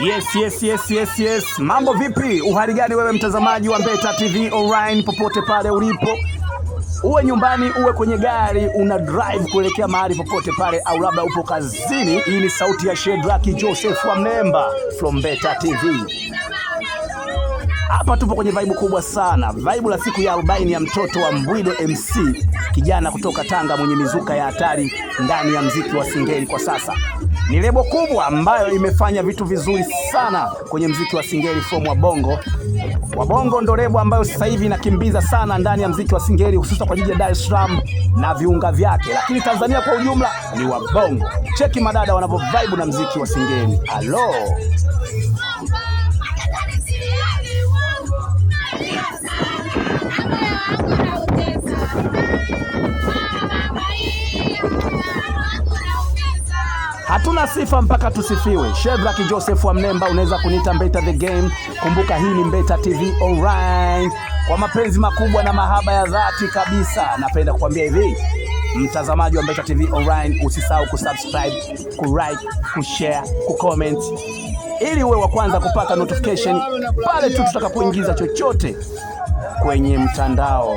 Yes, yes, yes, yes, yes. Mambo vipi? Uhali gani wewe mtazamaji wa Mbeta TV online popote pale ulipo, uwe nyumbani, uwe kwenye gari, una drive kuelekea mahali popote pale, au labda upo kazini. Hii ni sauti ya Shedrack Joseph wa Mlemba from Mbeta TV. Hapa tupo kwenye vaibu kubwa sana, vaibu la siku ya 40 ya mtoto wa Mbwido MC, kijana kutoka Tanga mwenye mizuka ya hatari ndani ya mziki wa Singeli kwa sasa ni lebo kubwa ambayo imefanya vitu vizuri sana kwenye mziki wa Singeli from Wabongo. Wabongo ndo lebo ambayo sasa hivi inakimbiza sana ndani ya mziki wa Singeli hususan kwa jiji la Dar es Salaam na viunga vyake, lakini Tanzania kwa ujumla ni Wabongo. Cheki madada vibe na mziki wa Singeli. Halo. Hatuna sifa mpaka tusifiwe. Shedrack Joseph wa Mnemba, unaweza kuniita Mbeta the Game. Kumbuka hii ni Mbeta TV online. Kwa mapenzi makubwa na mahaba ya dhati kabisa, napenda kukwambia hivi mtazamaji wa Mbeta TV online, usisahau kusubscribe, kulike, kushare, kucomment ili uwe wa kwanza kupata notification pale tu tutakapoingiza chochote kwenye mtandao.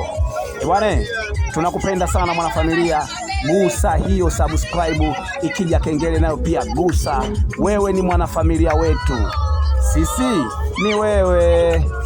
Ewane, tunakupenda sana mwanafamilia gusa hiyo subscribe, ikija kengele nayo pia gusa. Wewe ni mwanafamilia wetu, sisi ni wewe.